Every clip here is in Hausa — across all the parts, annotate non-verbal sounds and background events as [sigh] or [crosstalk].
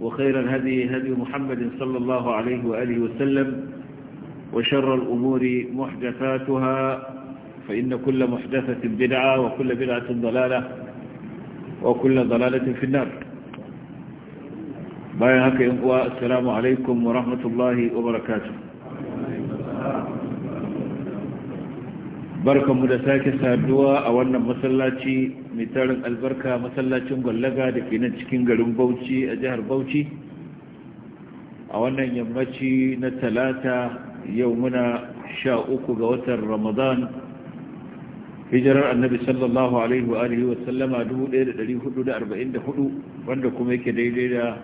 وخير الهدي هدي محمد صلى الله عليه وآله وسلم وشر الأمور محدثاتها فإن كل محدثة بدعة وكل بدعة ضلالة وكل ضلالة في النار بايا هكا السلام عليكم ورحمة الله وبركاته بركة مدساك سادوا أولنا مسلاتي mai tarin albarka masallacin gwallaga da ke nan cikin garin bauchi a jihar bauchi a wannan yammaci na talata yau muna sha uku ga watan ramadan hijirar annabi sallallahu alaihi wa alihi wa sallama 1444 wanda kuma yake daidai da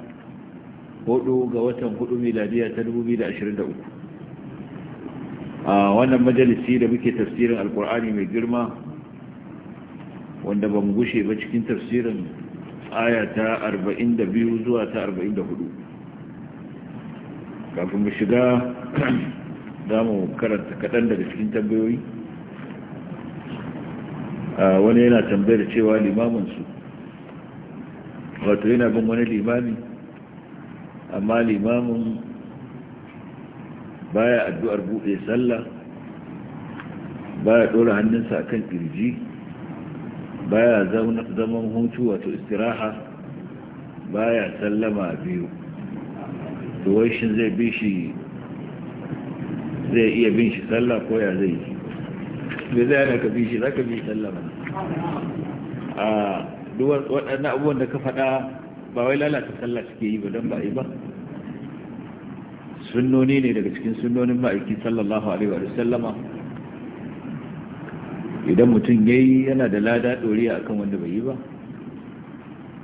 hudu ga watan hudu miladiya ta 2023 a wannan majalisi da muke tafsirin alkur'ani mai girma wanda ba mu gushe ba cikin tafsirin aya ta 42 zuwa ta 44 kafin mu shiga [clears throat] za mu karanta kaɗan daga cikin tambayoyi wani yana tambayar cewa limaminsu wato yana bin wani limami amma limamin baya addu'ar buɗe sallah baya ɗora hannunsa akan kirji baya zaman hutu wato istiraha baya sallama biyu to wai shin zai bi shi zai iya bin shi sallah ko ya zai yi zai yana ka bi shi zaka bi sallama a duwar waɗannan abubuwan da ka faɗa ba wai lalata sallah suke yi ba don ba yi ba sunnoni ne daga cikin sunnonin ma'aikin sallallahu alaihi wa sallama idan mutum ya yi yana da lada a akan wanda bai yi ba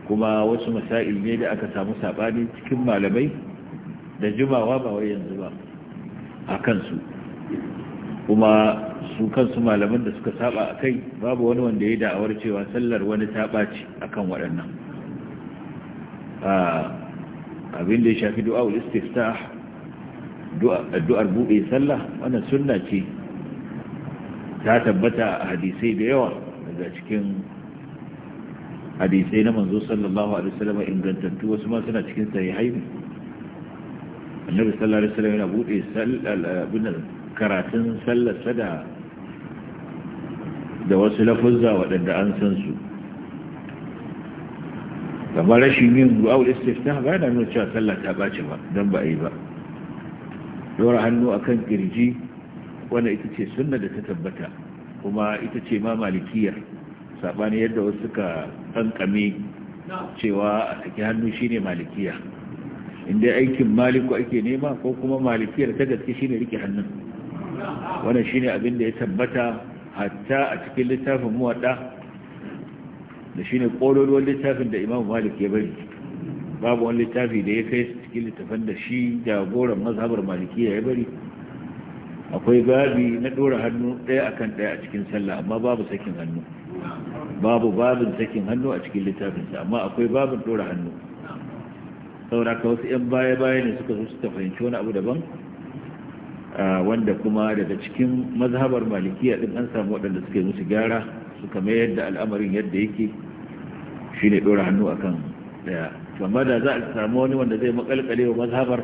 kuma wasu masa'il ne da aka samu saɓani cikin malamai da jimawa ba wai yanzu ba a kansu kuma su kansu malaman da suka saba a kai babu wani wanda ya da'awar cewa sallar wani ta ɓaci a kan waɗannan abin da ya shafi du'a ta du'ar buɗe sallah wannan sunna ce ta tabbata a hadisai da yawa daga cikin hadisai na manzo sallallahu alaihi wasallam ingantattu wasu ma suna cikin haihu. annabi sallallahu alaihi wasallam yana bude sallar karatun sallar sada da wasu lafuzza waɗanda an san su kamar rashin yin du'a'ul istiftah ba da nuna cewa sallah ta bace ba dan ba yi ba dora hannu akan kirji wannan ita ce sunna da ta tabbata kuma ita ce ma malikiyar. sabani yadda wasu suka kankame cewa a saki hannu shine malikiya inda aikin maliku ake nema ko kuma malikiyar ta gaske shine rike hannun wannan shine abin da ya tabbata hatta a cikin littafin muwadda da shine kololuwar littafin da Imam Malik ya bari babu wani littafi da ya kai cikin littafin da shi jagoran mazhabar malikiya ya bari akwai babi na ɗora hannu ɗaya akan ɗaya a cikin sallah amma babu sakin hannu babu babin sakin hannu a cikin littafinsa amma akwai babin ɗora hannu saboda ka wasu 'yan baya-baya ne suka zo suka fahimci wani abu daban wanda kuma daga cikin mazhabar malikiya din an samu waɗanda suke musu gyara suka mayar da al'amarin yadda yake shi ne ɗora hannu akan ɗaya amma da za a samu wani wanda zai makalkale wa mazhabar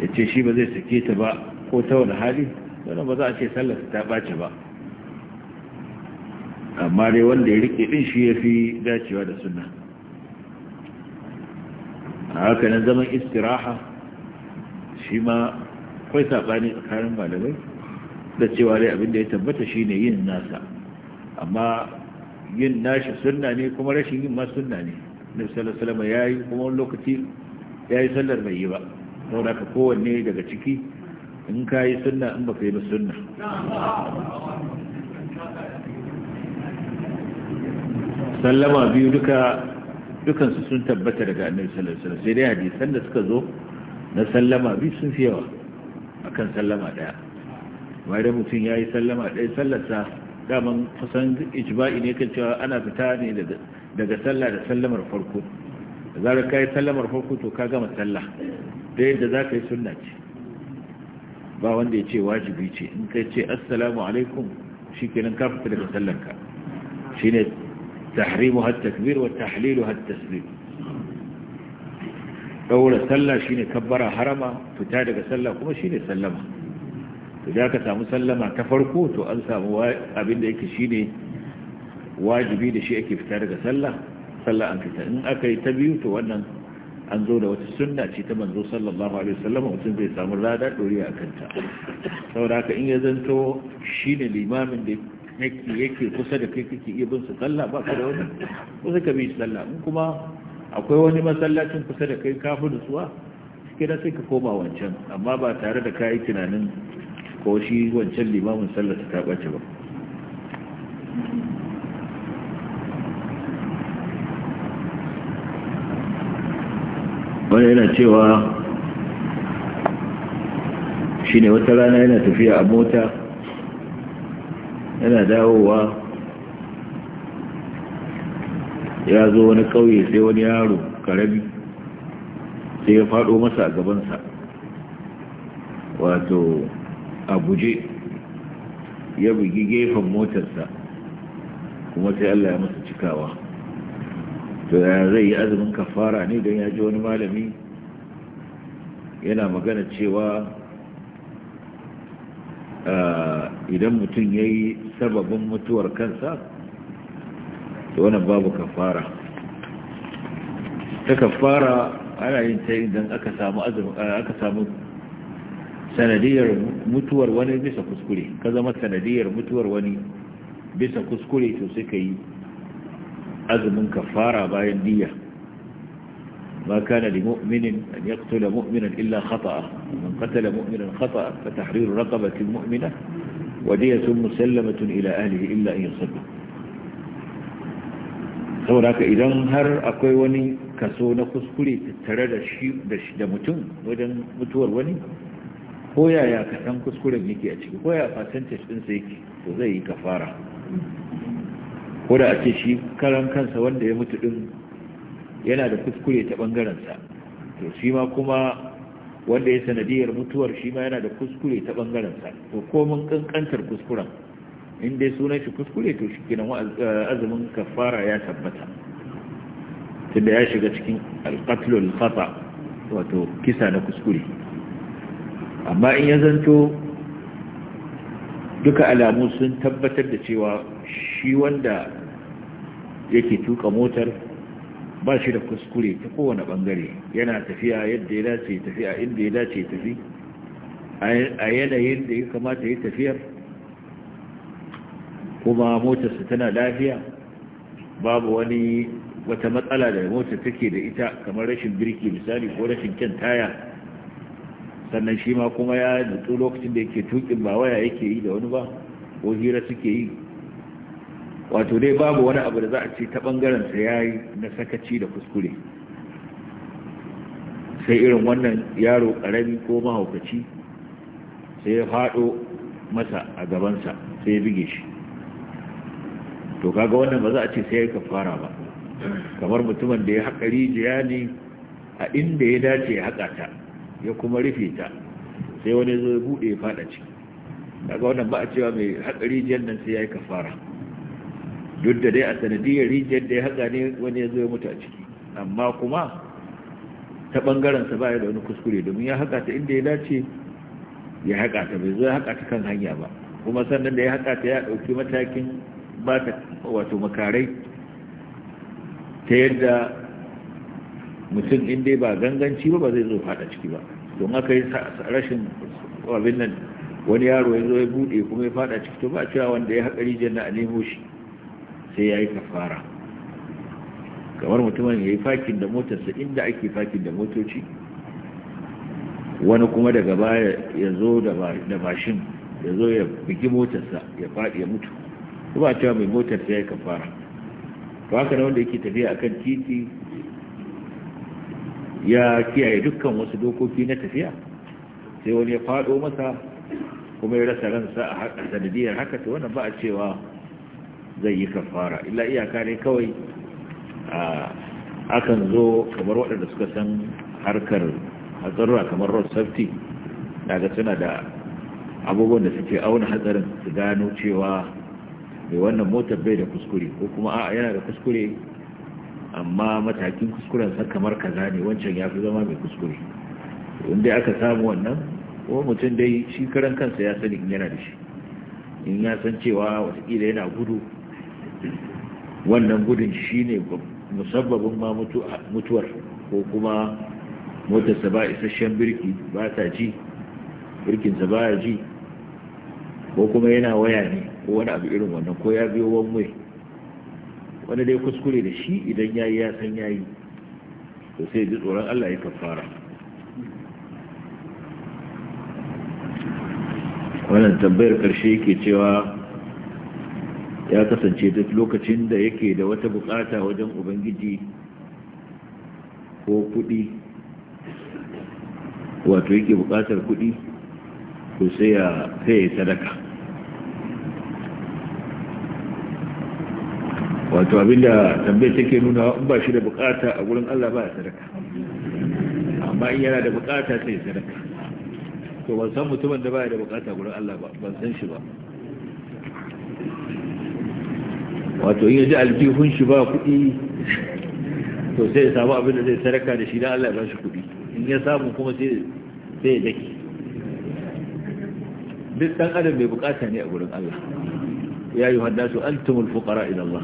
ya ce shi ba zai sake ta ba ko ta wani hali wani ba za a ce sallar ta bace ba amma dai wanda ya rike din shi ya fi dacewa da suna a haka nan zaman istiraha shi ma kwai saɓani tsakanin malamai da cewa dai abinda ya tabbata shi ne yin nasa amma yin nashi suna ne kuma rashin yin ma suna ne na salama ya yi kuma wani lokaci ya yi sallar mai yi ba saboda ka kowanne daga ciki in ka yi sunna in ka yi sunna sallama biyu duka dukansu sun tabbata daga annabi sallallahu alaihi wasallam sai dai hadisan da suka zo na sallama biyu sun fi yawa akan sallama daya bai da mutum yayi sallama daya sallarsa daman kusan ijma'i ne kan cewa ana fita ne daga daga sallah da sallamar farko zarar kai sallamar farko to ka gama sallah da yadda za ka yi sunna ce ba wanda ya ce wajibi ce in ka ce assalamu alaikum shi kenan ka fita daga sallanka shi ne tahrimu har takbir wa tahlilu har taslim ɗaura sallah shi ne kabbara harama fita daga sallah kuma shi ne sallama to da ka samu sallama ta farko to an samu abin da yake shi ne wajibi da shi ake fita daga sallah sallah an fita in aka yi ta biyu to wannan an zo da wata sunna ce ta manzo sallallahu alaihi wasallam mutum zai samu rada dori a kanta saboda haka in ya zanto shine limamin da yake yake kusa da kai kake iya bin su sallah ba ka da wani ko sai ka bi sallah in kuma akwai wani masallacin kusa da kai kafu da suwa da sai ka koma wancan amma ba tare da kai tunanin ko shi wancan limamin sallah ta bace ba Wani yana cewa shi ne wata rana yana tafiya a mota yana dawowa ya zo wani kauye sai wani yaro karami sai ya faɗo masa a gabansa wato a guje ya bugi gefen motarsa kuma sai Allah ya masa cikawa to ya zai yi azumin kafara ne don ya ji wani malami yana magana cewa idan mutum ya yi sababin mutuwar kansa to wani babu kafara ta kafara ana yin ta idan aka samu sanadiyar mutuwar wani bisa kuskure ka zama sanadiyar mutuwar wani bisa kuskure to sai ka yi azumin kafara bayan diya ما كان لمؤمن أن يقتل مؤمنا إلا خطأ من قتل مؤمنا خطأ فتحرير رقبة مؤمنة ودية مسلمة ila أهله إلا أن يصدق saboda haka idan har akwai wani kaso na kuskure tattare da shi da mutum wajen mutuwar wani ko yaya kasan kuskuren yake a ciki ko ya fasantis ɗinsa yake to zai yi kafara ko da a ce shi karan kansa wanda ya mutu din yana da kuskure ta ɓangarensa to shi ma kuma wanda ya sanadiyar mutuwar shi ma yana da kuskure ta ɓangarensa to komin ƙanƙantar kuskuren in dai sunan shi kuskure to shi kenan eh, azumin kafara ya tabbata tunda ya shiga cikin alƙatlul fata wato kisa na kuskure amma in ya zanto duka alamu sun tabbatar da cewa shi wanda yake tuka motar ba shi da kuskure ta kowane bangare yana tafiya yadda ya dace tafiya inda ya dace tafi a yanayin da ya kamata ya tafiyar kuma motarsa tana lafiya babu wani wata matsala da motar take da ita kamar rashin birki misali ko rashin kyan taya sannan shi ma kuma ya nutsu lokacin da yake tukin ba waya yake yi da wani ba ko hira suke yi wato dai babu wani abu da za a ce ta ɓangarensa ya yi na sakaci da kuskure sai irin wannan yaro ƙarami ko mahaukaci sai ya faɗo masa a gabansa sai ya bige shi to kaga wannan ba za a ce sai ya yi kafara ba kamar mutumin da ya haƙa rijiya ne a inda ya dace ya haƙa ta ya kuma rufe ta sai wani zo ya buɗe ya faɗa ciki daga wannan ba a cewa mai haƙa rijiyar nan sai ya yi kafara duk da dai a sanadiyar rijiyar da ya haka ne wani ya zo ya mutu a ciki amma kuma ta ɓangaransa ba ya da wani kuskure domin ya haka ta inda ya dace ya haka ta bai zo ya haka ta kan hanya ba kuma sannan da ya haka ta ya ɗauki matakin ba ta wato makarai ta yadda mutum inda ba ganganci ba ba zai zo faɗa ciki ba don haka yi rashin abin nan wani yaro ya zo ya buɗe kuma ya faɗa ciki to ba cewa wanda ya haƙa rijiyar na a nemo shi sai ya yi kafara kamar mutumin ya yi fakin da motarsa inda ake fakin da motoci wani kuma daga baya ya zo da mashin ya zo ya bugi motarsa ya faɗi ya mutu kuma a cewa mai motarsa ya yi kafara to haka na wanda yake tafiya a kan titi ya kiyaye dukkan wasu dokoki na tafiya sai wani ya faɗo masa kuma ya rasa ransa a sanadiyar haka to wannan ba a cewa zai yi kafara illa iyaka ne kawai akan zo kamar waɗanda suka san harkar hatsarra kamar road safety daga suna da abubuwan da suke auna hatsarin su gano cewa mai wannan motar bai da kuskure ko kuma a yana da kuskure amma matakin sa kamar kaza ne wancan ya fi zama mai kuskure inda aka samu wannan ko mutum dai shi karan kansa ya sani in yana da shi in ya san cewa watakila yana gudu wannan gudun shi ne musabbabin ma mutuwar ko kuma motarsa ba isasshen birki ba ta ji birkinsa ba ya ji ko kuma yana waya ne ko wani abu irin wannan ko ya biyo mai wani dai kuskure da shi idan ya yi ya san ya yi to sai ji tsoron allah ya kafara wannan tambayar karshe ke cewa ya kasance duk lokacin da yake da wata bukata wajen ubangiji ko kudi wato yake bukatar kudi ko sai ya sadaka wato abinda tambayar take nuna in ba shi da bukata a gurin Allah ba ya sadaka amma in yana da bukata sai sadaka to ban san mutumin da ba ya da bukata gurin Allah ba ban san shi ba wato in yaji aljihun shi ba kuɗi to sai ya samu abin da zai saraka da shi dan Allah ya ba shi kuɗi in ya samu kuma sai ya dake duk dan adam mai bukata ne a gurin Allah ya yi an antumul fukara idan ba.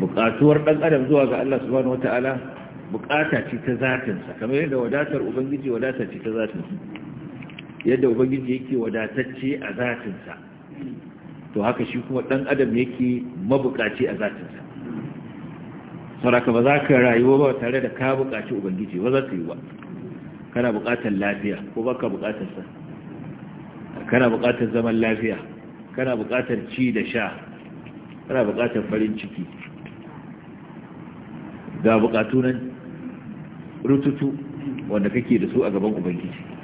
bukatuwar dan adam zuwa ga Allah subhanahu wataala bukata ce ta zatinsa kamar yadda wadatar ubangiji wadata ce ta zatinsa yadda ubangiji yake wadatacce a zatinsa to haka shi kuma dan adam yake mabukaci a zatinsa sauraka ba za ka rayuwa ba tare da ka bukaci ubangiji ba za ka yi ba kana bukatar lafiya ko ba ka bukatar sa kana bukatar zaman lafiya kana bukatar ci da sha kana bukatar farin ciki ga bukatunan nan rututu wanda kake da su a gaban ubangiji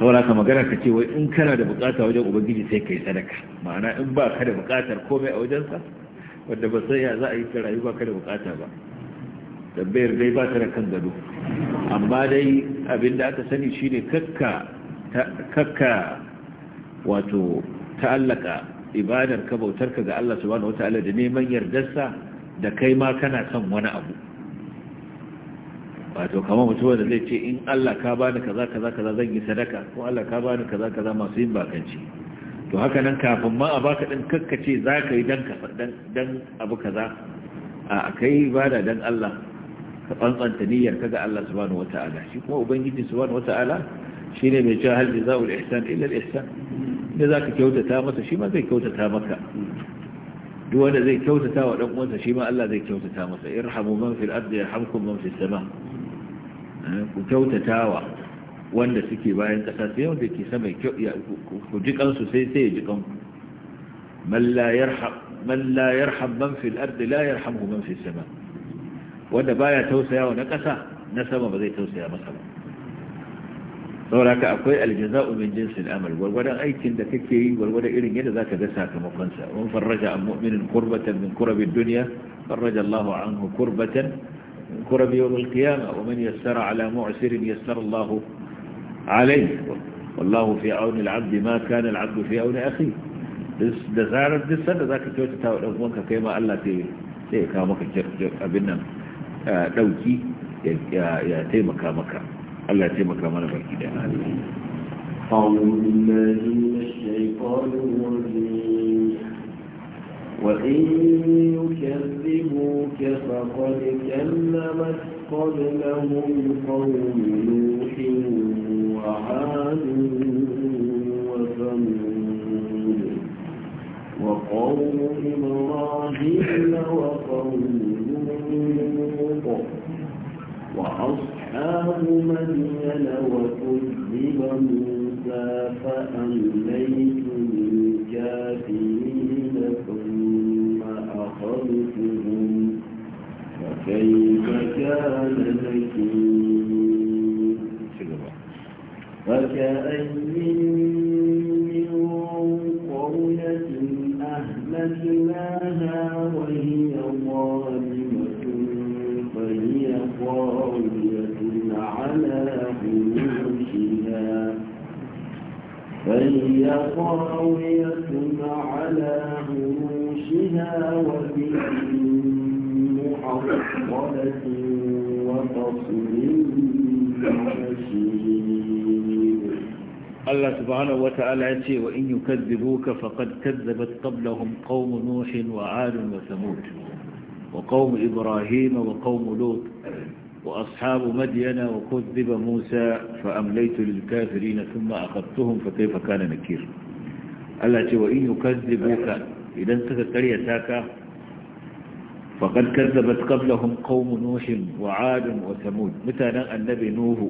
saboda ka magana ka ce wai in kana da bukata wajen ubangiji sai kai sadaka ma'ana in ba ka da bukatar komai a wajensa wanda ba sai ya za a yi ta rayu ba ka da bukata ba tambayar dai ba ta da kan gado amma dai abin da aka sani shine kakka kakka wato ta'allaka ibadar ka bautar ka ga Allah subhanahu wataala da neman yardarsa da kai ma kana kan wani abu wato kamar mutuwar da zai ce in Allah ka bani kaza kaza kaza zan yi sadaka ko Allah ka bani kaza kaza masu yin bakanci to haka nan kafin ma a baka din kakkace za ka yi dan abu kaza a kai ibada dan Allah ka tsantsanta niyyar kaga Allah subhanahu wata'ala shi kuma ubangiji subhanahu wata'ala shine mai cewa hal jazaa'ul ihsan illa al ihsan da zaka kyautata masa shi ma zai kyautata maka duk wanda zai kyautata wa dan uwansa shi ma Allah zai kyautata masa irhamu man fil ardi yarhamkum man fis sama' ku kyautatawa wanda suke bayan ƙasa sai wanda ke sama ku ji kansu sai sai ya ji kanku man la fil ardi la sama wanda baya tausaya wa na ƙasa na sama ba zai tausaya masa ba saboda ka akwai aljaza umin jinsin amal gwargwadon aikin da kake yi gwargwadon irin yadda zaka ga sakamakonsa sa wani farraja an mu'minin kurbatan min kurabin duniya farraja Allahu anhu kurbatan كرب يوم القيامة ومن يسر على معسر يسر الله عليه والله في عون العبد ما كان العبد في عون أخيه da zarar duk sanda za ka kyautata wa ɗan'uwanka kai ma Allah sai ya kawo maka abin nan ɗauki ya taimaka maka Allah ya taimaka mana baki da hali. أعوذ بالله من الشيطان الرجيم وإن يكذبوك فقد كلمت قبلهم قوم نوح وعاد وثمود وقوم إبراهيم وقوم لوط وأصحاب مدين وكذب موسى فأمليت للكافرين كيف كان نكير فكأي من قرية أهلكناها وهي ظالمة فهي قاوية على عروشها فهي قاوية على عروشها وبئر الله سبحانه وتعالى يتي وإن يكذبوك فقد كذبت قبلهم قوم نوح وعاد وثمود وقوم إبراهيم وقوم لوط وأصحاب مدين وكذب موسى فأمليت للكافرين ثم أخذتهم فكيف كان نكير التي وإن يكذبوك إذا انتظر تريتاك faƙad kazzabat qablahum qaumu nuhin wa adun wa samud mutanen annabi nuhu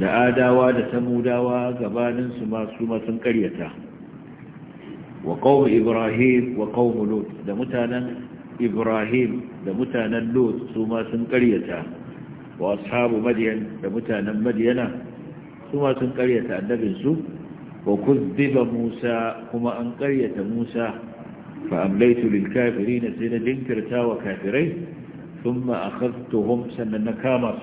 da adawa da samudawa gabanin su ma su ƙaryata sun karyata wa qaumu ibrahim wa qaumu lut da mutanen ibrahim da mutanen lut su ma sun wa ashabu madyan da mutanen madyana su ma ƙaryata karyata annabinsu wa kuzziba musa kuma an ƙaryata musa فأمليت للكافرين سينا جنكرتا وكافرين ثم أخذتهم سنة نكامس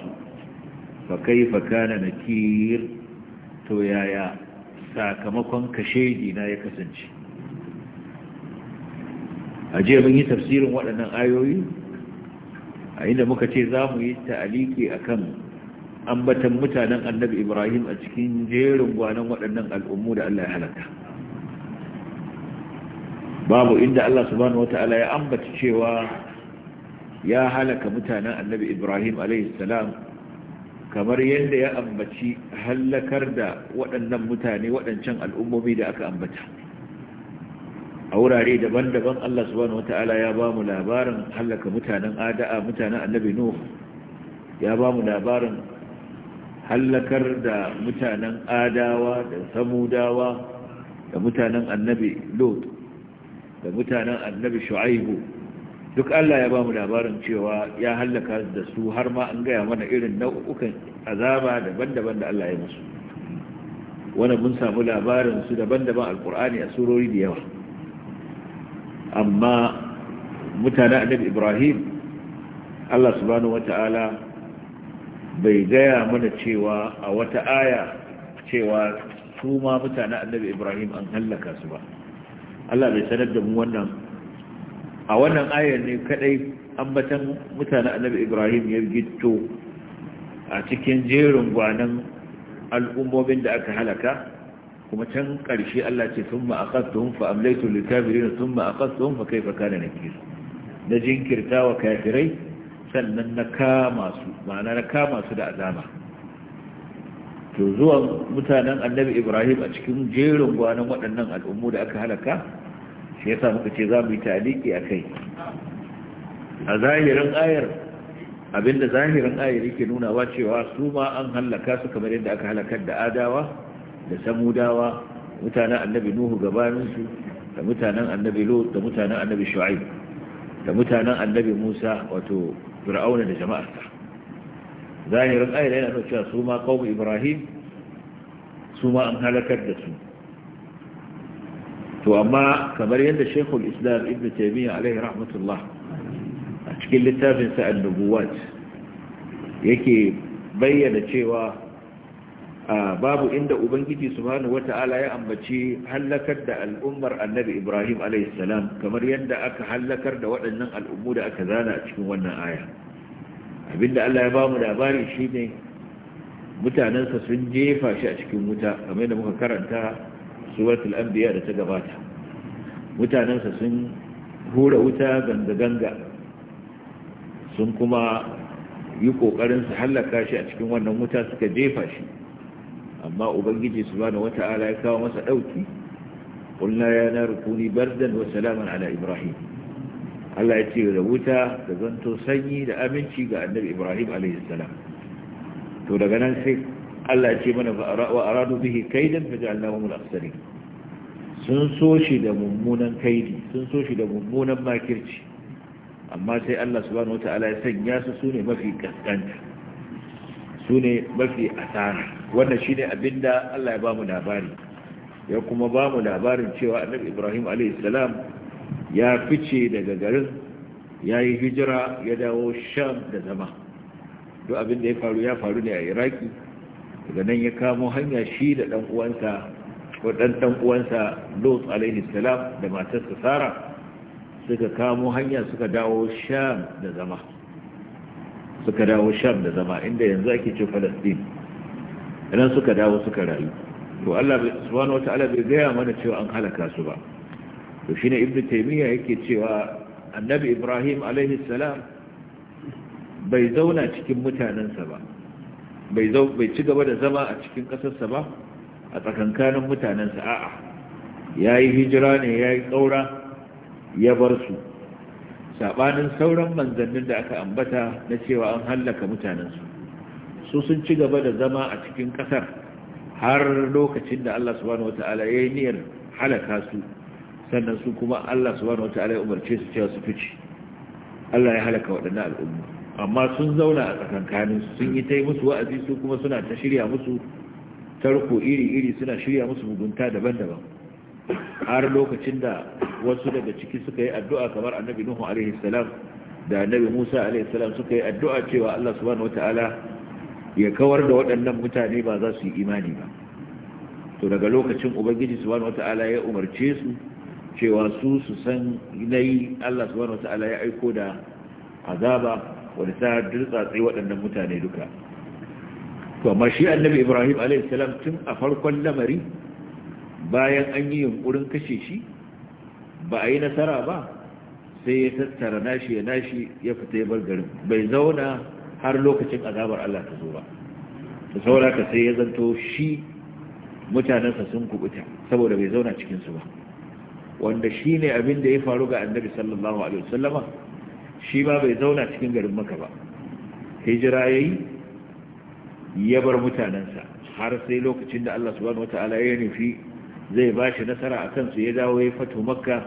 فكيف كان نكير تويايا ساكمكم كشيدنا يكسنش أجيب مني تفسير وأنا آيوي عند مكتزام يتأليكي أكم أنبتا متانا النبي إبراهيم أتكين جير وانا وأنا الأمور ألا هلكه babu inda Allah subhanahu wata'ala ya ambata cewa ya halaka mutanen annabi Ibrahim salam kamar yadda ya ambaci hallakar da waɗannan mutane waɗancan al'ummomi da aka ambata a wurare daban-daban Allah subhanahu wata'ala ya ba mu labarin hallaka mutanen ada'a mutanen annabi Nuh ya ba mu labarin hallakar da mutanen adawa da samudawa da mutanen annabi Lot da mutanen annabi shu'aibu duk Allah ya ba mu labarin cewa ya hallaka da su har ma an gaya mana irin nau'ukan azaba daban-daban da Allah ya musu wani mun samu labarin su daban-daban alkur'ani a surori da yawa amma mutanen annabi ibrahim Allah subhanahu wata'ala bai gaya mana cewa a wata aya cewa su ma mutanen annabi ibrahim an hallaka su ba Allah bai sanar da mu wannan a wannan ayar ne kadai ambatan mutanen annabi Ibrahim ya gitto a cikin jerin gwanan al'ummomin da aka halaka kuma can ƙarshe Allah ce sun ma'akastun fa amlaitu likafirin sun ma'akastun fa kai faka da nakir na jinkirta wa kafirai sannan na kama ma'ana na kama su da azama to zuwan mutanen annabi ibrahim a cikin jerin gwanon waɗannan al'ummu da aka halaka shi ya muka ce za mu yi taliki a kai a zahirin ayar abinda zahirin ayar yake nunawa cewa su ma an halaka su kamar yadda aka halakar da adawa da samudawa mutanen annabi nuhu gabaninsu da mutanen annabi lot da mutanen annabi shu'aib da mutanen annabi musa wato fir'auna da jama'arsa zahirin ayar yana nuna cewa su ma qaumu ibrahim su ma an halakar da su to amma kamar yadda shekul islam ibn taimiyya alaihi rahmatullah a cikin littafinsa annubuwat yake bayyana cewa babu inda ubangiji subhanahu wata'ala ya ambaci halakar da al'ummar annabi ibrahim alaihi salam kamar yadda aka hallakar da waɗannan al'ummu da aka zana a cikin wannan aya abinda Allah ya bamu labari shine mutanensa sun jefa shi a cikin wuta kamar da muka karanta suratul anbiya da ta gabata mutanensa sun hura wuta ganga ganga sun kuma yi kokarin su halaka shi a cikin wannan wuta suka jefa shi amma ubangiji subhanahu wata'ala ya kawo masa dauki qulna ya naru kuni bardan wa salaman ala ibrahim Allah ya ce da wuta da zanto sanyi da aminci ga annabi Ibrahim alaihissalam to daga nan sai Allah ya ce mana wa aradu bihi kaidan fa ja'alnahum al-akhsarin sun so shi da mummunan kaidi sun so shi da mummunan makirci amma sai Allah subhanahu wata'ala ya sanya su sune mafi kaskanta sune mafi asara wannan shine abinda Allah ya bamu labari ya kuma bamu labarin cewa annabi Ibrahim alaihissalam ya fice daga garin ya yi hijira ya dawo sham da zama duk abin da ya faru ya faru ne a iraki daga nan ya kamo hanya shi da ɗan uwansa ko ɗan ɗan uwansa lot alaihi salam da matarsa sara suka kamo hanya suka dawo sham da zama suka dawo sham da zama inda yanzu ake ce falastin idan suka dawo suka rayu to Allah subhanahu wataala bai gaya mana cewa an halaka su ba to ne ibn taimiyya yake cewa annabi ibrahim alaihi salam bai zauna cikin mutanensa ba bai ci gaba da zama a cikin ƙasarsa ba a tsakankanin mutanensa a'a yi hijira ne ya yi ƙaura ya bar su Saɓanin sauran manzannin da aka ambata na cewa an hallaka mutanensu su sun ci gaba da zama a cikin ƙasar har lokacin da Allah subhanahu ta'ala ya yi niyyar halaka su sannan su kuma Allah subhanahu wataala ya umarce su cewa su fice Allah ya halaka waɗannan al'umma amma sun zauna a tsakankanin sun yi ta yi musu wa'azi su kuma suna ta shirya musu tarko iri-iri suna shirya musu mugunta daban-daban har lokacin da wasu daga ciki suka yi addu'a kamar annabi Nuhu alaihi salam da annabi Musa alaihi salam suka yi addu'a cewa Allah subhanahu wataala ya kawar da waɗannan mutane ba za su yi imani ba to daga lokacin ubangiji subhanahu wataala ya umarce su cewa su su san nayi Allah subhanahu wata'ala ya aiko da azaba wanda ta waɗannan mutane duka to amma shi annabi Ibrahim alaihi salam tun a farkon lamari bayan an yi yunkurin kashe shi ba a yi nasara ba sai ya tattara nashi ya nashi ya fita ya bar garin bai zauna har lokacin azabar Allah ta zo ba da ka sai ya zanto shi mutanensa sun kubuta saboda bai zauna cikinsu ba wanda shi ne abin da ya faru ga annabi sallallahu alaihi wasallama shi ba bai zauna cikin garin maka ba hijira ya yi ya bar mutanensa har sai lokacin da allah subhanahu ta'ala ya nufi zai ba shi nasara a kansu ya dawo ya fato makka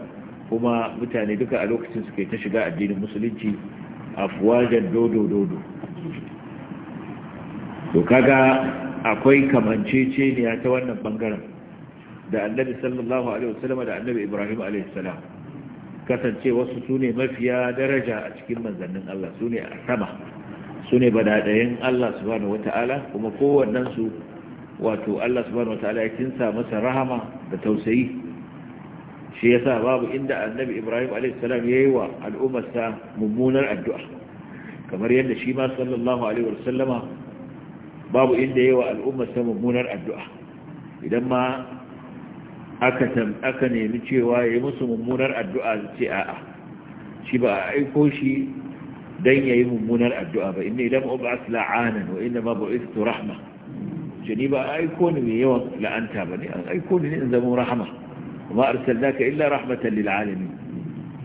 kuma mutane duka a lokacin suke ta shiga addinin musulunci afwajan dodo dodo to kaga akwai kamanceceniya ta wannan bangaren da annabi sallallahu alaihi wasallam da annabi ibrahim alaihi salam kasance wasu su ne mafiya daraja a cikin manzannin Allah su ne a sama su ne badadayen Allah subhanahu wata'ala kuma kowannen su wato Allah subhanahu wata'ala ya kinsa masa rahama da tausayi shi yasa babu inda annabi ibrahim alaihi salam yayi wa al'ummarsa mummunar addu'a kamar yadda shi ma sallallahu alaihi wasallama babu inda yayi wa al'ummarsa mummunar addu'a idan ma aka nemi cewa ya yi musu mummunar addu'a ce a'a shi ba a aiko shi don ya yi mummunar addu'a ba inda idan ba su la'anan wa inda ma ba'istu rahma shi ni ba a aiko ni mai yawan la'anta ba ne an aiko ni ne in zama rahama kuma arsalna ka illa rahmatan lil alamin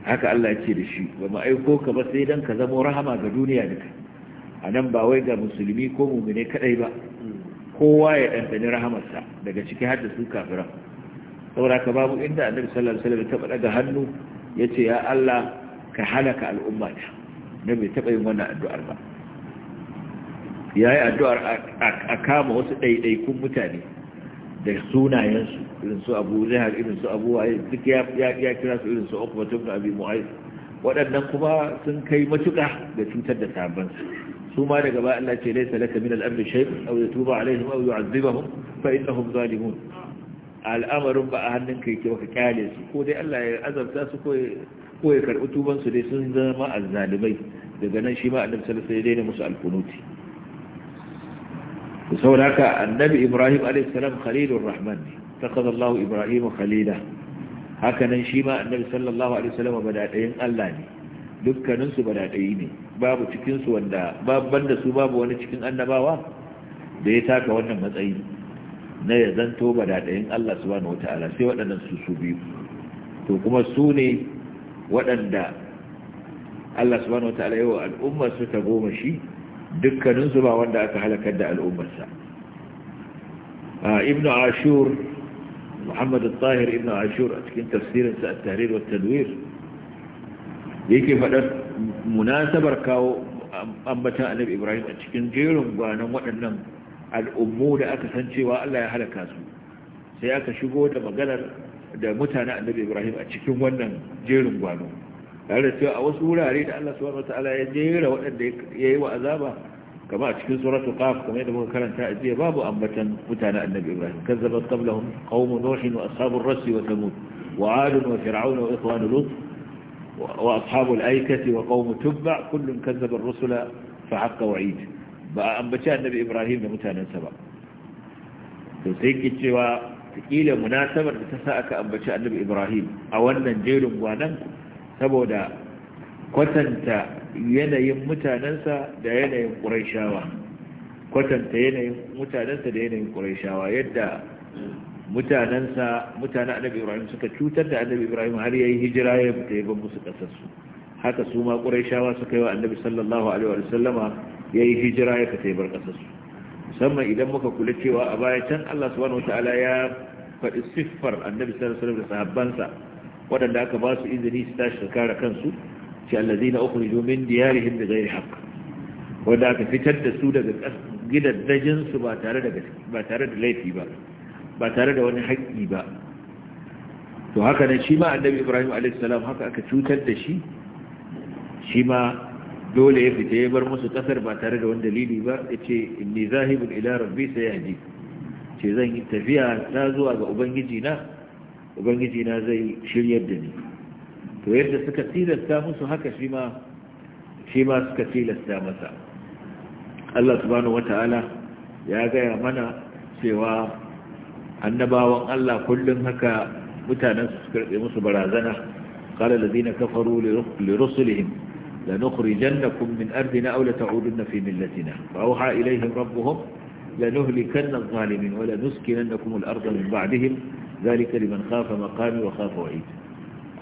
haka Allah ya ce da shi ba mu aiko ka ba sai dan ka zama rahama ga duniya duka a nan ba wai ga musulmi ko mumine kadai ba kowa ya ɗanɗani rahamarsa daga ciki har da su kafiran saboda ka babu inda annabi sallallahu alaihi wasallam ya taba daga hannu yace ya Allah ka halaka al'umma ta na bai taɓa yin wannan addu'ar ba ya yi addu'ar a kama wasu ɗaiɗaikun mutane da sunayensu irin su Abu Jahal irin su Abu Ayyub duk ya ya kira su irin su Uqba ibn Abi Mu'ayth waɗannan kuma sun kai matuƙa da cutar da sabon su ma daga ba Allah ce laisa laka min al-amri shay'un aw yatuba alaihim aw yu'adhibahum fa innahum zalimun al'amarin ba a hannun ka yake baka kyale su ko dai Allah ya azabta su ko ya karɓi tuban su dai sun zama azzalimai daga nan shi ma annabi sallallahu alaihi wasallam ya daina musu alkunuti to saboda annabi Ibrahim alaihi salam khalilur rahman takaza Allah Ibrahim khalila haka nan shi ma annabi sallallahu alaihi wasallam badadayin Allah ne dukkanin su badadayi ne babu cikin su wanda babu banda su babu wani cikin annabawa da ya taka wannan matsayi na ya zanto badadayin Allah subhanahu wata'ala sai waɗannan su su biyu to kuma su ne waɗanda Allah subhanahu wata'ala yawa su ta goma shi Dukkaninsu ba wanda aka halakar da al'ummarsa Ibn ashur Muhammadu tahir ibnu ashur a cikin tafsirinsa at-tahrir wa tanwir yake faɗar munasabar kawo ambatan annabi ibrahim a cikin jerin gwanan waɗannan al'ummu da aka san cewa Allah ya halaka su sai aka shigo da maganar da mutane annabi ibrahim a cikin wannan jerin gwano tare da cewa a wasu wurare da Allah subhanahu wataala ya jera waɗanda ya yi wa azaba kama a cikin suratu qaf kamar yadda muka karanta a jiya babu ambatan mutane annabi ibrahim kazzabat qablahum qaumu nuh wa ashabur rasi wa thamud wa ad wa fir'aun wa ikhwan lut wa ashabul aikati wa qaumu tubba kullun kazzaba ar-rusula fa haqqa wa'id ba a ambaci annabi ibrahim da mutanensa ba to sai ke cewa kila munasabar da ta sa aka ambaci annabi ibrahim a wannan jerin gwanan saboda kwatanta yanayin mutanensa da yanayin ƙuraishawa kwatanta yanayin mutanensa da yanayin ƙuraishawa yadda mutanensa mutane annabi ibrahim suka cutar da annabi ibrahim har yayi hijira ya fita ya bar musu ƙasarsu haka su ma ƙuraishawa suka yi wa annabi sallallahu alaihi wa sallama ya yi hijira ya fita bar ƙasarsu musamman idan muka kula cewa a baya can Allah subhanahu wataala ya faɗi siffar annabi sallallahu da sahabbansa waɗanda aka ba su izini su tashi su kare kansu ce allazina ukhriju min diyarihim bi ghairi haqq wanda aka fitar da su daga gidaddajin su ba tare da laifi ba ba tare da wani haƙƙi ba to haka ne shi ma annabi Ibrahim a.s haka aka cutar da shi shi ma dole ya fita ya bar musu kasar ba tare da wani dalili ba ya ce inni zahibun ila rabbi sai ji ce zan yi tafiya ta zuwa ga ubangiji na zai shiryar da ni to yadda suka tilasta musu haka shi ma shi ma suka tilasta masa Allah subhanahu wata'ala ya gaya mana cewa annabawan Allah kullum haka mutanen su karbe musu barazana qala allazina kafaru li rusulihim لنخرجنكم من أرضنا أو لتعودن في ملتنا فأوحى إليهم ربهم لنهلكن الظالمين ولنسكننكم الأرض من بعدهم ذلك لمن خاف مقامي وخاف وعيد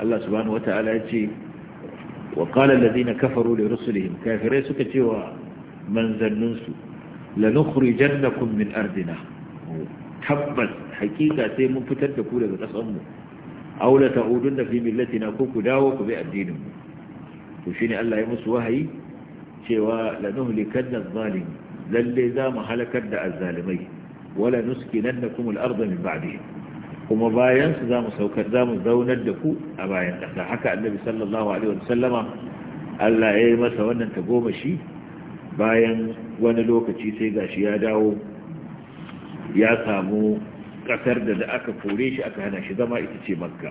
الله سبحانه وتعالى يتي وقال الذين كفروا لرسلهم كافرين سكتي ومن ذننس لنخرجنكم من أرضنا tabbas hakika sai mun fitar da ku daga ƙasarmu aula ta'udun da fi millatina ko ku dawo ku bi addinin mu to shine Allah ya musu wahayi cewa lanuhlikanna adh-dhalim lalle za mu halakar da azzalimai wala nuskinannakum al-ardha min ba'dihim kuma bayan su za mu saukar za mu zaunar da ku a bayan ƙasa haka annabi sallallahu alaihi sallama Allah ya yi masa wannan tagomashi bayan wani lokaci sai gashi ya dawo ya samu ƙasar da da aka kore shi aka hana shi zama ita ce makka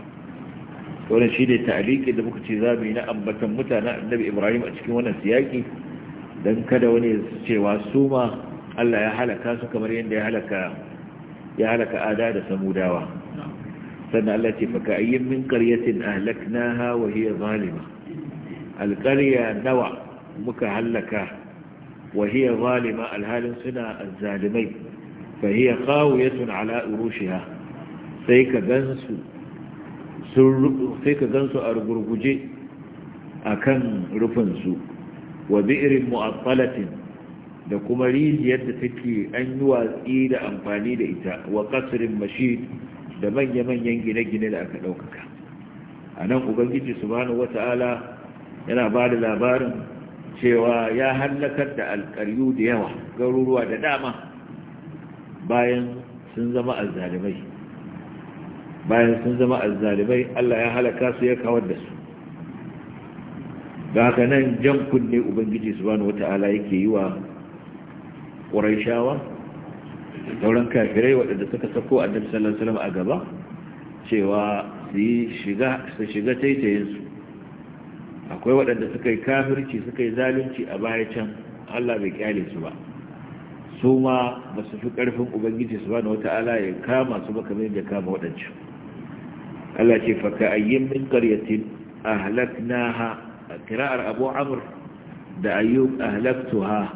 wannan shi ne ta'aliki da muka ce za mu yi na ambatan mutanen annabi ibrahim a cikin wannan siyaki don kada wani cewa su ma allah ya halaka su kamar yadda ya halaka ada da samudawa sannan allah ce faka ayyin min qaryatin ahlaknaha wa hiya zalima alqarya nawa muka halaka wa hiya zalima alhalin suna azzalimai fa hiya qawiyatun ala urushiha sai ka gansu sai ka gansu a rugurguje a kan rufinsu wa bi'irin mu'affalatin da kuma rijiyar da take an yi watsi da amfani da ita wa kasirin mashid da manya-manyan gine-gine da aka ɗaukaka a nan ubangiji bani wata'ala yana ba da labarin cewa ya hallakar da alƙaryu da yawa garuruwa da dama bayan sun zama azzalimai bayan sun zama azzalibai Allah ya halaka su ya kawar da su ga nan jan kunne ubangiji subhanahu wata'ala yake yi wa ƙuraishawa sauran kafirai waɗanda suka sako annabi sallallahu alaihi wasallam a gaba cewa su shiga su shiga taitayin su akwai waɗanda suka yi kafirci suka yi zalunci a baya can Allah bai kyale su ba su ma ba su fi ƙarfin ubangiji subhanahu wata'ala ya kama su ba kamar yadda kama waɗancan التي فكأي من قرية أهلكناها كراء أبو عمر دا أيوب أهلكتها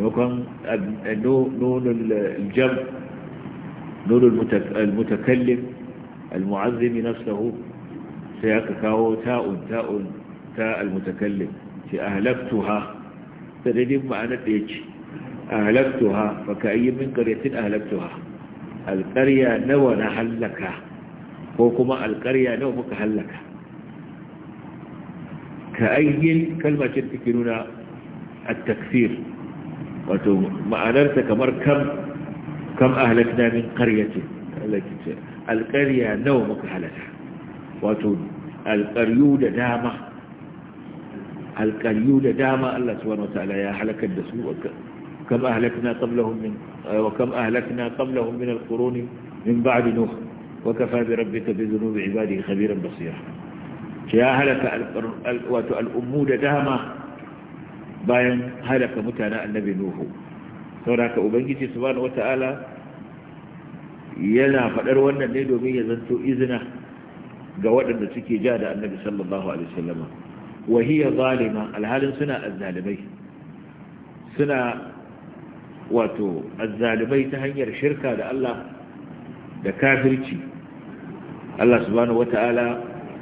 وكان نون الجمع نون المتكلم المعظم نفسه سيككاو تاء تاء تاء المتكلم أهلكتها تريد معنى ديك أهلكتها فكأي من قرية أهلكتها القرية نوى نحلكها ko kuma alƙarya nawa muka hallaka ka ayyin kalma ce take nuna at-takfir wato ma'anarta kamar kam kam ahlakna min qaryatin alƙarya nawa muka halaka wato alƙaryu da dama alƙaryu da dama Allah subhanahu wataala ya halakar da su kam ahlakna qablahum min wa kam ahlakna qablahum min al-quruni min ba'di nuh وكفى بربك بذنوب عباده خبيرا بصيرا يا هلك الأمود دهما باين هلك متانا النبي نوح sauraka ubangiji subhanahu wata'ala yana faɗar wannan ne domin ya zanto izina ga waɗanda suke ja da annabi sallallahu alaihi wasallama wa hiya zalima alhalin suna azzalimai suna wato ta hanyar shirka da Allah da kafirci Allah subhanahu wata'ala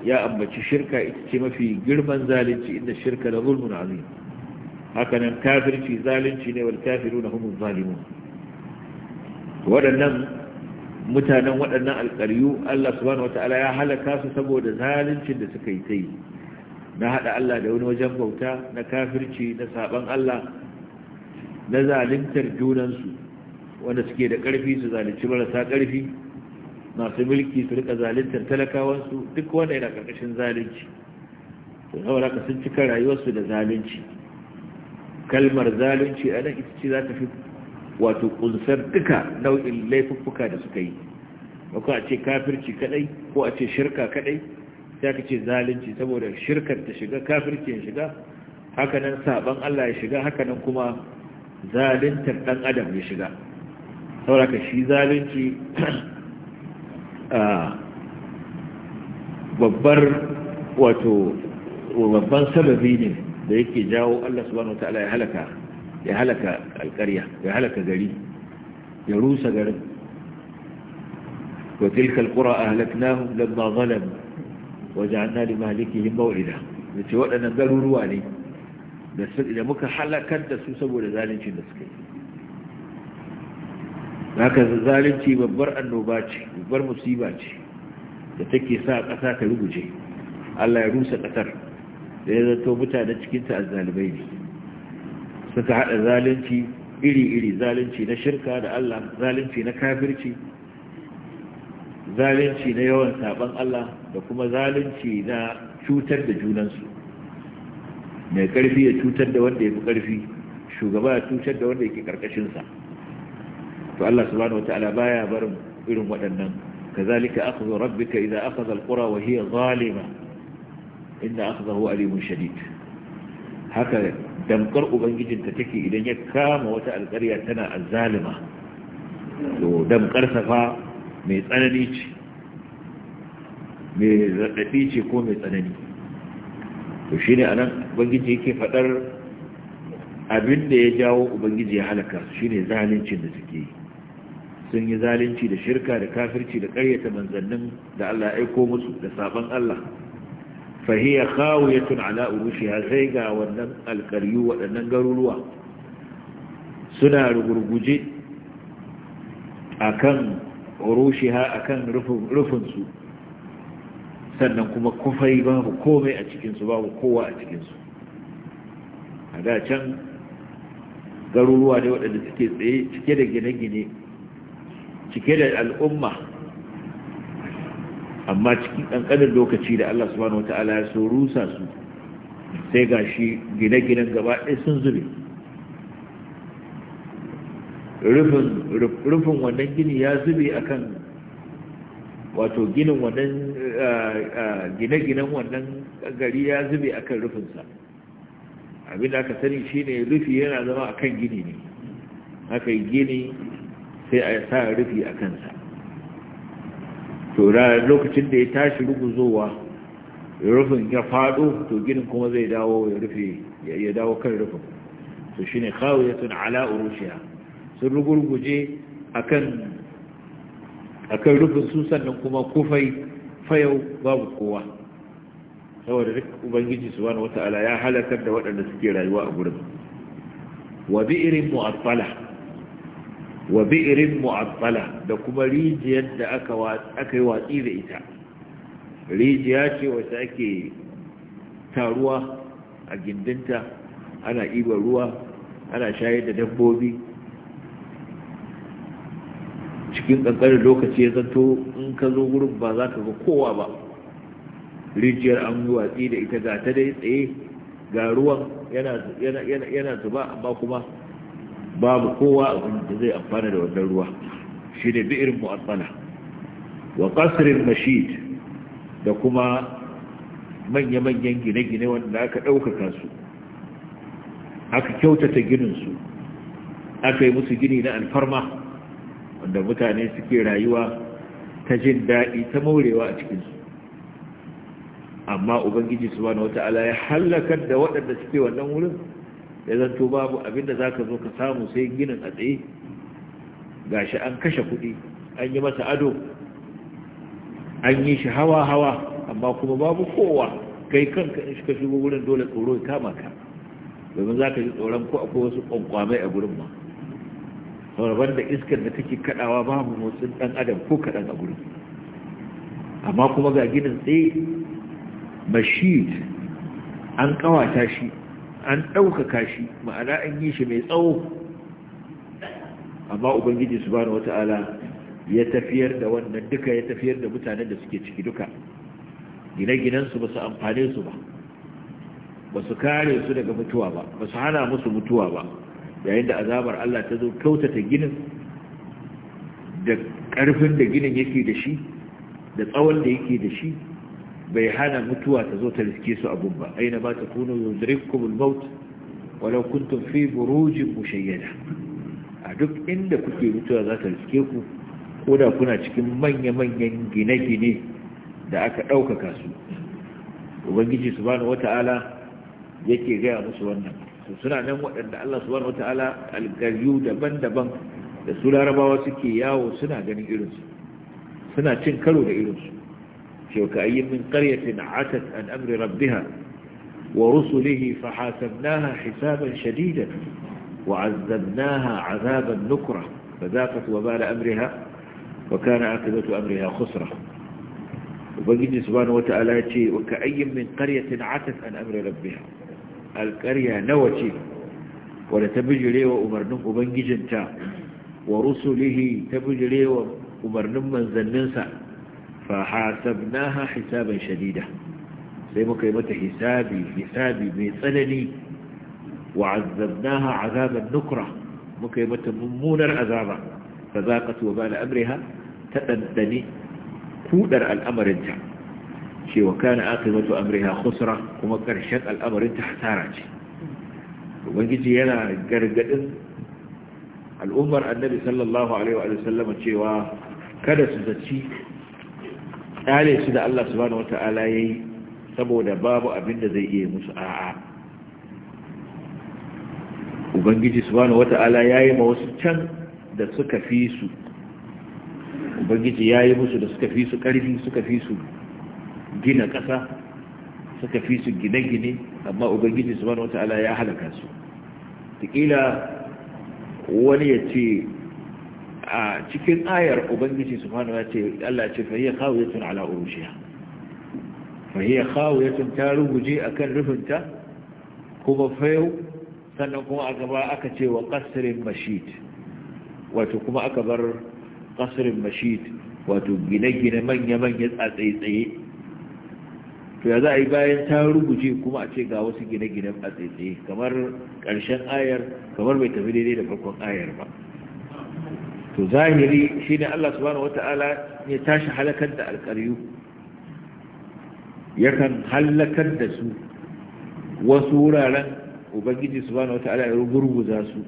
ya ambaci shirka ita ce mafi girman zalunci inda shirka da zulmun azim hakanan kafirci zalunci ne wal kafiruna humuz zalimun waɗannan mutanen waɗannan alƙaryu Allah subhanahu wata'ala ya halaka su saboda zaluncin da suka yi ta yi na haɗa Allah da wani wajen bauta na kafirci na saban Allah na zaluntar junansu wanda suke da ƙarfi su zalunci marasa ƙarfi masu mulki su rika zaluntar talakawansu duk wanda yana karkashin zalunci to saboda ka sun cika rayuwarsu da zalunci kalmar zalunci a nan ita ce za ta fi wato kunsar duka nau'in laifuffuka da suka yi ko a ce kafirci kadai ko a ce shirka kadai sai ka ce zalunci saboda shirkar ta shiga kafirci ya shiga hakanan saban Allah ya shiga hakanan kuma zaluntar dan adam ya shiga saboda ka shi zalunci babbar wato babban sababi ne da yake jawo Allah subhanahu wataala ya halaka ya halaka alƙarya ya halaka gari ya rusa garin wa tilka alqura ahlaknahum lamma zalamu waja'alna limalikihim maw'ida yace waɗannan garuruwa ne da muka halakar da su saboda zalincin da suka yi haka zalunci babbar annoba ce babbar musiba ce da take sa ƙasa ta ruguje Allah ya rusa ƙasar da ya zato mutane cikinta azzalibai ne suka haɗa zalunci iri-iri zalunci na shirka da Allah zalunci na kafirci zalunci na yawan saban Allah da kuma zalunci na cutar da junansu mai ƙarfi ya cutar da wanda ya fi ƙarfi shugaba ya cutar da wanda yake ƙarƙashinsa to Allah subhanahu wataala baya barin irin waɗannan kazalika akhdhu rabbika idza akhadha alqura wa hiya zalima inna akhdahu alimun shadid haka damkar ubangijinta take idan ya kama wata alƙarya tana azzalima to damkar fa mai tsanani ce mai raɗaɗi ce ko mai tsanani to shi ne ubangiji yake faɗar abin da ya jawo ubangiji ya halaka shi ne zalincin da suke yi sun yi zalunci da shirka da kafirci da ƙaryata manzannin da Allah ya aiko musu da saban Allah fahiya khawiyatun ala urushiha sai ga wannan alƙaryu waɗannan garuruwa suna rugurguje akan urushiha akan rufin rufin su sannan kuma kufai babu komai a cikin babu kowa a cikin a da can garuruwa ne waɗanda suke tsaye cike da gine-gine cike da al'umma amma cikin ƙanƙanin lokaci da Allah subhanahu wa ta'ala ya so rusa su sai ga shi gine-ginen gaba ɗaya sun zube rufin wannan gini ya zube akan wato ginin wannan gine-ginen wannan gari ya zube akan rufinsa abin da aka sani shine rufi yana zama akan gini ne aka yi gini sai a sa rufi a kansa to lokacin da ya tashi ruguzowa rufin ya faɗo to ginin kuma zai dawo ya rufe ya dawo kan rufin to shine khawiyatun ala urushiha sun rugurguje akan kan rufin su sannan kuma kufai fayau babu kowa saboda duk ubangiji subhanahu wataala ya halakar da waɗanda suke rayuwa a gurin wa irin mu'attala wa bi'irin mu'abbala da kuma rijiyar da aka yi watsi da ita rijiya ce wata ake taruwa a gindinta ana ibar ruwa ana shayar da dabbobi cikin kankanin lokaci ya zanto in ka zo wurin ba za ka ga kowa ba rijiyar an yi watsi da ita ga ta dai tsaye ga ruwan yana zuba amma kuma babu kowa abin da zai amfana da wannan ruwa shi ne bi'irin mu'atsala wa qasrin mashid da kuma manya-manyan gine-gine wanda aka ɗaukaka su aka kyautata gininsu aka yi musu gini na alfarma wanda mutane suke rayuwa ta jin daɗi ta maurewa a cikin su, amma ubangiji su wata wata'ala ya hallakar da waɗanda suke wannan wurin ya zanto babu abinda za ka zo ka samu sai ginin a tsaye shi an kashe kuɗi an yi masa ado an yi shi hawa-hawa amma kuma babu kowa kai kanka in shi ka shigo wurin dole tsoro ya kama ka domin za ka ji tsoron ko akwai wasu ƙwanƙwamai a gurin ma sauraban da iskar da take kaɗawa babu motsin ɗan adam ko kaɗan a gurin amma kuma ga ginin tsaye mashid an ƙawata shi an ɗaukaka shi ma'ana an yi shi mai tsawo amma ubangiji subhanahu wata'ala ya tafiyar da wannan duka ya tafiyar da mutanen da suke ciki duka gine-ginensu ba su amfane su ba ba su kare su daga mutuwa ba ba su hana musu mutuwa ba yayin da azabar Allah ta zo kautata ginin da ƙarfin da ginin yake da shi da tsawon da yake da shi bai hana mutuwa ta zo ta riske su abun ba aina ba ta kuno yudrikum al-maut walau kuntum fi burujin mushayyada a duk inda kuke mutuwa za ta riske ku koda kuna cikin manya-manyan gine-gine da aka ɗaukaka su ubangiji subhanahu wata'ala yake gaya musu wannan suna nan waɗanda Allah subhanahu wata'ala algaryu daban-daban da su larabawa suke yawo suna ganin irinsu suna cin karo da irinsu وكأي من قرية عتت عن أمر ربها ورسله فحاسبناها حسابا شديدا وعذبناها عذابا نكرا فذاقت وبال أمرها وكان عاقبة أمرها خسرة وبقيني سبحانه وتعالى وكأي من قرية عتت عن أمر ربها القرية نوتي ولتبجلي وأمرنم أبنجي جنتا ورسله تبجلي وأمرنم من ذننسا فحاسبناها حسابا شديدا sai muka yi mata hisabi hisabi mai tsanani wa azzabnaha azaban nukra muka yi mata mummunar azaba fa zaqat wa bala amriha ta dandani kudar al'amarinta cewa kana aqibatu amriha khusra kuma ƙarshen al'amarinta hasara ce ubangiji yana gargadin al'ummar annabi sallallahu alaihi wa sallama cewa kada su zaci kyale su da Allah subhanahu ya yi saboda babu abin da zai iya musu a'a ubangiji subhanahu ya yi ma wasu can da suka fi su ubangiji ya yi musu da suka fi su ƙarfi, suka fi su gina ƙasa suka fi su gine-gine amma ubangiji subhanahu wata'ala ya halaka su tikila wani ya ce a cikin ayar ubangiji subhanahu wa ce Allah ce kawo hiya khawiyatun ala urushiha fa kawo khawiyatun ta ruguje akan rufinta kuma fayo sannan kuma a gaba aka ce wa kasirin mashid wato kuma aka bar kasirin mashid wato gine-gine manya-manya tsaye-tsaye to ya za a yi bayan ta ruguje kuma a ce ga wasu gine-gine a tsaye kamar ƙarshen ayar kamar bai tafi daidai da farkon ayar ba to zahiri shi ne Allah subhanahu wata'ala ya tashi halakar da alƙaryu yakan halakar da su wasu wuraren ubangiji subhanahu wata'ala ya rugurguza su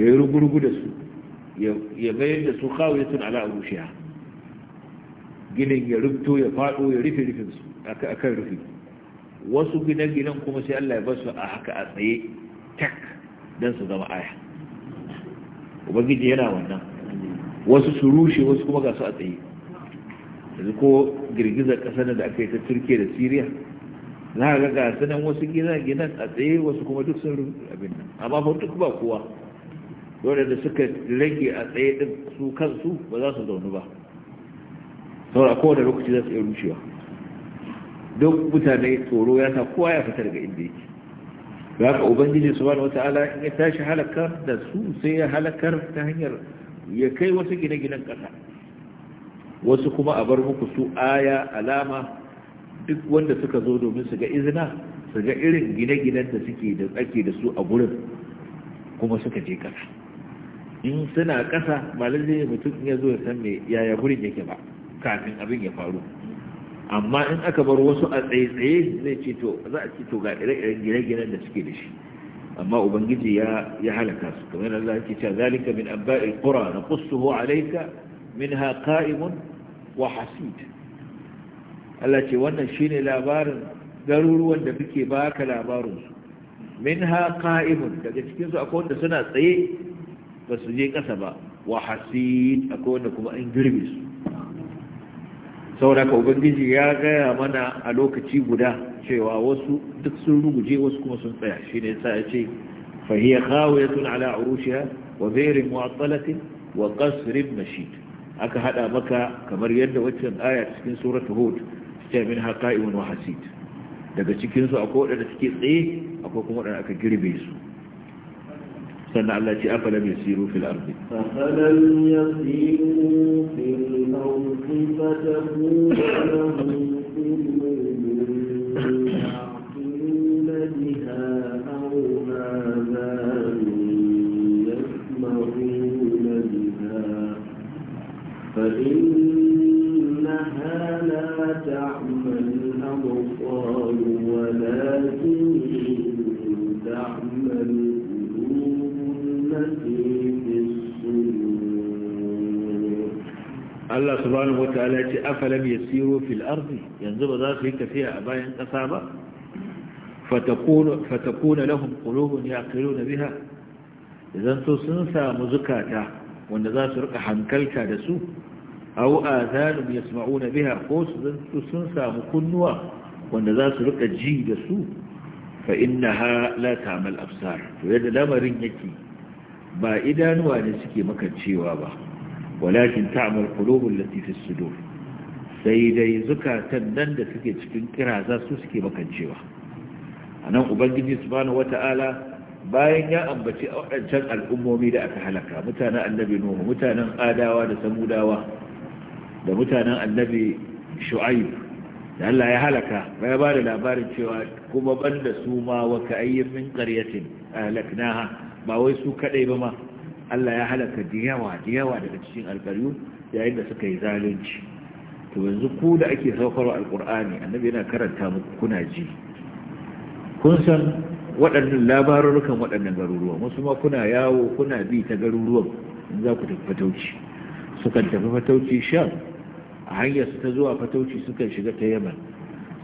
ya rugurgu da su ya mayar da su kawai khawiyatun ala rushiya ginin ya rubto ya faɗo ya rufe rufin su akan rufi wasu gine-ginen kuma sai Allah ya basu a haka a tsaye tak don su zama aya ubangiji yana wannan wasu su rushe wasu kuma ga su a tsaye yanzu ko girgizar ƙasar da aka yi ta turkiya da siriya za ka ga gasa nan wasu gina-ginan a tsaye wasu kuma duk sun abin nan amma fa duk ba kowa dole da suka rage a tsaye din su kansu ba za su zaunu ba saboda kowane lokaci za su iya rushewa duk mutane tsoro ya sa kowa ya fita daga inda yake za ka ubangiji su wani wata'ala in ya tashi halakar da su sai ya halakar ta hanyar ya kai wasu gine-ginen kasa wasu kuma a bar muku su aya alama duk wanda suka zo domin su ga izina su ga irin gine-ginen da suke da tsake da su a gurin kuma suka je ƙasa in suna ƙasa ba lallai mutum ya zo ya san me yaya gurin yake ba kafin abin ya faru amma in aka bar wasu a tsaye-tsaye zai cito za a ce ga ire-iren gine da suke da shi amma ubangiji ya ya halaka su kamar Allah yake cewa zalika min abba'il qura naqussuhu alayka minha qa'imun wa hasid Allah ce wannan shine labarin garuruwan da muke baka labarin su minha qa'imun daga cikin su akwai wanda suna tsaye ba su je kasa ba wa hasid akwai wanda kuma an girbe su sauraka ubangiji ya gaya mana a lokaci guda cewa wasu duk sun ruguje wasu kuma sun tsaya shi ne sa ya ce kawai khawiyatun ala urushiha wa zairin watsalati wa kasirin mashid aka hada maka kamar yadda waccan aya cikin surat hud ta min haqa'imun wa hasid daga cikin su akwai wadanda suke tsaye akwai kuma wadanda aka girbe su sannan Allah ce afalam yasiru fil ardi afalam yasiru fil ardi fatakunu lahum Allah subhanahu wataala ce afalam yasiru fil ardi yanzu ba za su yi tafiya a bayan ƙasa ba fatakuna fatakuna lahum qulubun yaqiluna biha idan so sun samu zukata wanda za su rika hankalta da su aw azanum yasma'una biha ko su sun samu kunnuwa wanda za su rika ji da su fa innaha la ta'mal absar to yadda lamarin yake ba idanuwa ne suke makancewa ba walakin ta'mal qulubul lati fi sai dai zukatan nan da suke cikin za su suke makancewa anan ubangiji subhanahu wata'ala bayan ya ambaci waɗancan al'ummomi da aka halaka mutanen annabi nuhu mutanen adawa da samudawa da mutanen annabi shu'aib da Allah ya halaka ya ba da labarin cewa kuma banda su ma wa ka'ayyin min qaryatin ahlaknaha ba wai su kadai ba ma Allah ya halaka da yawa da yawa daga cikin alƙaryu yayin da suka yi zalunci to yanzu ku da ake saukarwa alƙur'ani annabi yana karanta muku kuna ji kun san waɗannan labarurukan waɗannan garuruwan wasu ma kuna yawo kuna bi ta garuruwan za ku tafi fatauci sukan tafi fatauci shan. a hanyar su ta zuwa fatauci sukan shiga ta yaman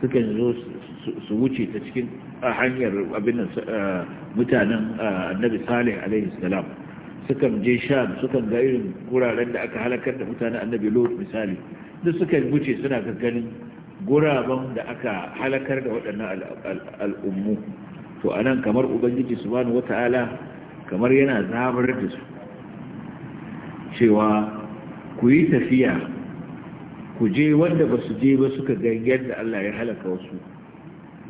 sukan zo su wuce ta cikin hanyar abin eh, mutanen eh, annabi salih alaihi salam sukan je sham sukan ga irin guraren da aka halakar da mutane annabi lot misali da suka wuce suna ganin guraben da aka halakar da waɗannan al'ummu to a nan kamar ubangiji subhanahu wata'ala kamar yana zabar da su cewa ku yi tafiya ku je wanda ba su je ba suka ganyen da Allah ya halaka wasu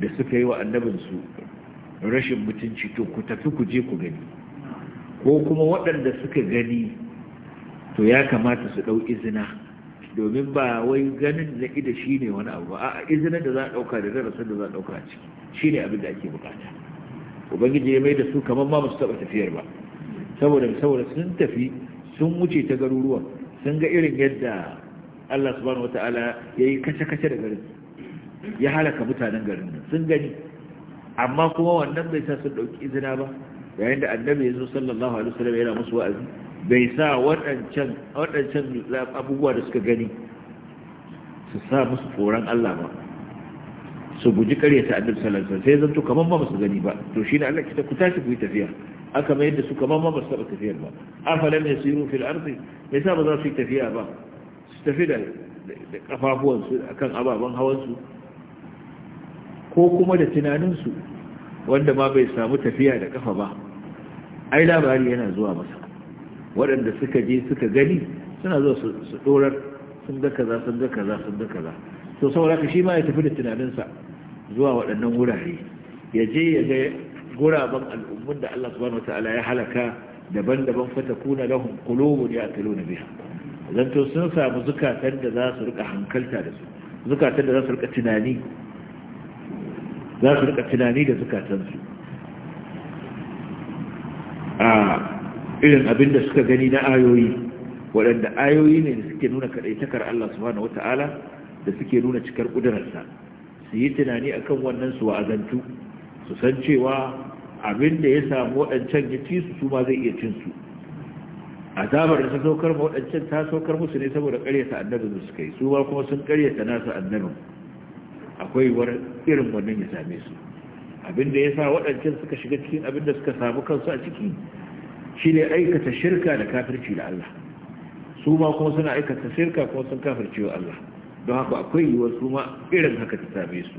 da suka yi wa annabinsu rashin mutunci to ku tafi ku je ku gani ko kuma waɗanda suka gani to ya kamata su ɗau izina domin ba wai ganin na ida shi ne wani abu ba a izinin da za a ɗauka da darasin da za a ɗauka ci shi ne abin da ake bukata ubangiji ya mai da su kamar ma su taɓa tafiyar ba saboda saboda sun tafi sun wuce ta garuruwa sun ga irin yadda Allah subhanahu wata'ala ya yi kace-kace da garin ya halaka mutanen garin sun gani amma kuma wannan bai sa sun ɗauki izina ba yayin da annabi zo sallallahu alaihi wasallam yana musu wa'azi bai sa waɗancan waɗancan abubuwa da suka gani su sa musu tsoron Allah ba su guji ta annabi sallallahu alaihi wasallam sai zanto kaman ba musu gani ba to shine Allah kita ku tashi ku yi tafiya aka mai da su kaman ba musu taba tafiyar ba afalam yasiru fil ardi bai sa ba za su yi tafiya ba su tafi da kafafuwansu akan ababen hawansu ko kuma da tunaninsu wanda ma bai samu tafiya da kafa ba ai labari yana zuwa masa waɗanda suka je suka gani suna zuwa su ɗorar sun ga kaza sun ga kaza sun ga kaza to saboda ka shi ma ya tafi da tunaninsa zuwa waɗannan wurare ya je ya ga guraben al'ummun da Allah subhanahu wataala ya halaka daban-daban fatakuna lahum qulubun yaqiluna biha zanto sun samu zukatan da za su rika hankalta da su zukatan da za su rika tunani za su rika tunani da zukatansu a irin abin da suka gani na ayoyi waɗanda ayoyi ne da suke nuna kaɗaitakar Allah subhanahu wata'ala da suke nuna cikar ƙudurarsa su yi tunani akan wannan su wa'azantu su san cewa abinda ya samu waɗancan ya ci su su ma zai iya cin su azabar da ta saukar ma waɗancan ta saukar musu ne saboda ƙaryata annabin da suka yi su ba kuma sun ƙaryata nasu annabin akwai irin wannan ya same su abinda ya sa waɗancan suka shiga cikin abinda suka samu kansu a ciki shi ne aikata shirka da kafirci da Allah su ma kuma suna aikata shirka kuma sun kafirci wa Allah don haka akwai yiwuwar su ma irin haka ta same su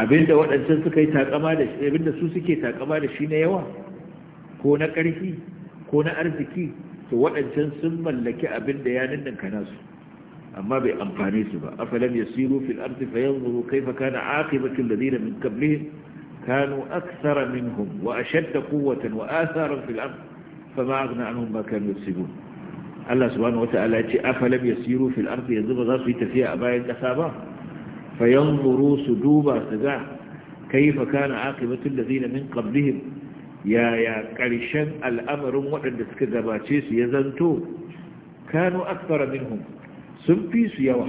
abinda waɗancan suka yi takama da shi abinda su suke takama da shi na yawa ko na ƙarfi ko na arziki to waɗancan sun mallaki abinda ya ninninka nasu أما بأمقاني سبا أفلم يسيروا في الأرض فينظروا كيف كان عاقبة الذين من قبلهم كانوا أكثر منهم وأشد قوة وآثارا في الأرض فما أغنى عنهم ما كانوا يسيرون الله سبحانه وتعالى أفلم يسيروا في الأرض يذب ذات في تفيا أبايا كثابا فينظروا سجوبا سجاع كيف كان عاقبة الذين من قبلهم يا يا كالشن الأمر مؤدد كذباتيس يزنتون كانوا أكثر منهم sun fi su yawa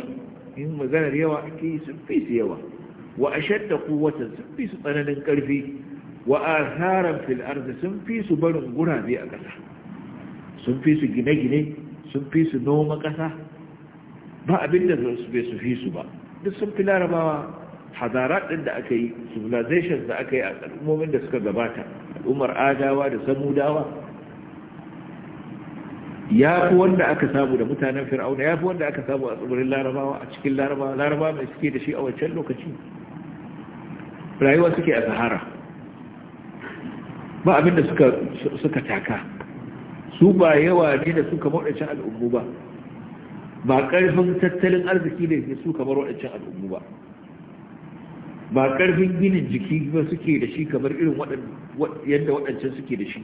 in maganar yawa ake yi sun fi su yawa wa shadda quwwatan sun fi su tsananin karfi wa atharan fil sun fi su barin gurabe a ƙasa sun fi su gine-gine sun fi su noma ƙasa ba abin da su su fi su ba duk sun fi larabawa Hazara ɗin da aka yi civilizations da aka yi a al'ummomin da suka gabata al'ummar adawa da samudawa ya fi wanda aka samu da mutanen fir'auna ya fi wanda aka samu a tsibirin larabawa a cikin larabawa larabawa mai suke da shi a wancan lokaci rayuwa suke a sahara ba abinda suka taka su ba yawa ne da suka maɗancin al'ummu ba ba ƙarfin tattalin arziki ne su kamar waɗancan al'ummu ba ba ƙarfin ginin jiki ba suke da shi kamar irin yadda waɗancan suke da shi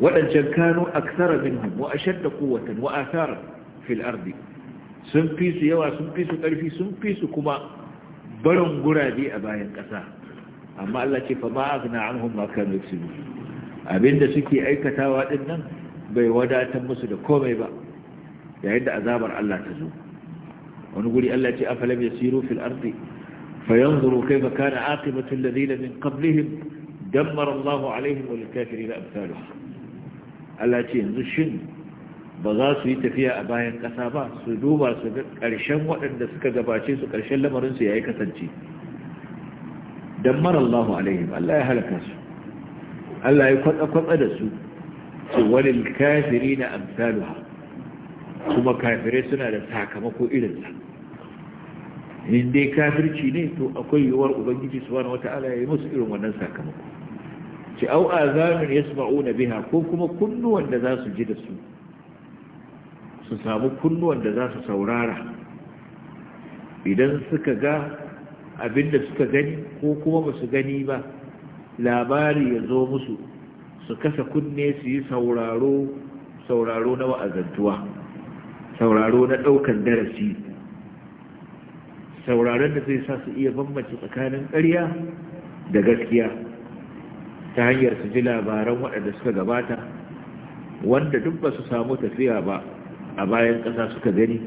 waɗancan kanu aksara minhum wa ashadda quwwatan wa athara fil ardi sun fi su yawa sun fi su ƙarfi sun fi su kuma barin gurabe a bayan ƙasa amma Allah ce fa ma aghna anhum ma kanu yaksubun abinda suke aikatawa ɗin nan bai wadatar musu da komai ba yayin da azabar Allah ta zo wani guri Allah ce afalam yasiru fil ardi fayanzuru ka kana aqibatu alladhina min qablihim dammara Allahu alaihim wal kafirin amsaluhum Allah ce yanzu shin ba za su yi tafiya a bayan ƙasa ba su duba su ga ƙarshen waɗanda suka gabace su ƙarshen lamarinsu ya yi kasance don marallahu Allahu alaihim Allah ya halaka su Allah ya kwatsa-kwatsa da su su wani kafiri na amsaluwa kuma kafirai suna da sakamako irinsa in dai kafirci ne to akwai yiwuwar ubangiji su wani wata'ala ya yi musu irin wannan sakamako ce au azanun na biya ko kuma kunnuwan da za su ji da su su samu kunnuwan da za su saurara idan suka ga abin da suka gani ko kuma ba su gani ba labari ya zo musu su kasa kunne su yi sauraro sauraro na wa'azantuwa sauraro na ɗaukan darasi sauraron da zai sa su iya bambance tsakanin ƙarya da gaskiya ta hanyar su ji labaran waɗanda suka gabata wanda duk ba su samu tafiya ba a bayan ƙasa suka gani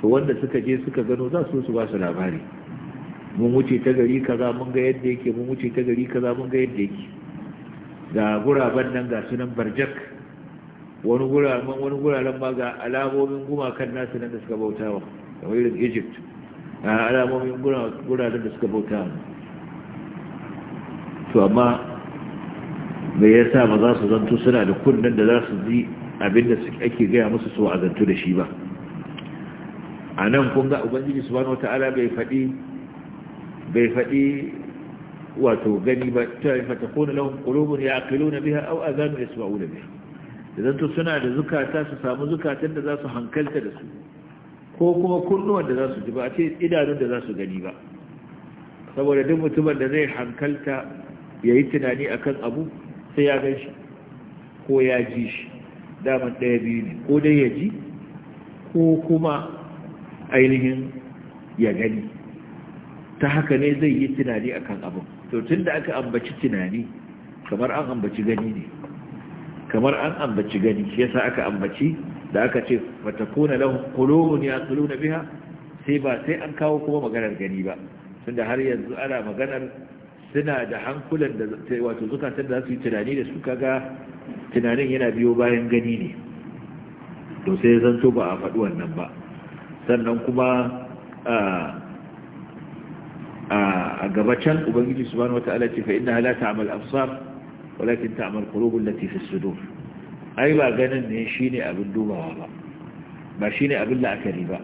to wanda suka je suka gano za su su ba su labari mun wuce ta gari kaza mun ga yadda yake mun wuce ta gari kaza mun ga yadda yake ga guraben nan ga sunan barjak wani guraben wani guraben ma ga alamomin gumakan nasu nan da suka bautawa kamar irin Egypt a alamomin guraben da suka bautawa to amma me yasa ba za su zanto suna da kunnan da za su ji abinda ake gaya musu su wa'azantu da shi ba a nan kun ga ubangiji subhanahu wata'ala bai faɗi bai faɗi wato gani ba ta fata kone lahun ƙulubun ya akilu na biya au azanu ya suwa wula biya da zanto suna da zukata su samu zukatan da za su hankalta da su ko kuma kunnuwan da za su ji ba a ce idanun da za su gani ba saboda duk mutumin da zai hankalta ya yi tunani akan abu sai ya gan shi ko ya ji shi dama ɗaya biyu ne ko dai ya ji ko kuma ainihin ya gani ta haka ne zai yi tunani a kan abin to tun da aka ambaci tunani kamar an ambaci gani ne kamar an ambaci gani shi yasa aka ambaci da aka ce fatakuna ya qulubun na biha sai ba sai an kawo kuma maganar gani ba tunda har yanzu ana maganar suna da hankulan da wato zukatan da za su yi tunani da suka ga tunanin yana biyo bayan gani ne to sai zanto ba a faɗi wannan ba sannan kuma a gabacin ubangiji subhanahu wata'ala ce fa inna la ta'mal absar walakin ta'mal qulubul lati fi sudur ai ba ganin ne shi ne abin dubawa ba ba shi ne abin la'akari ba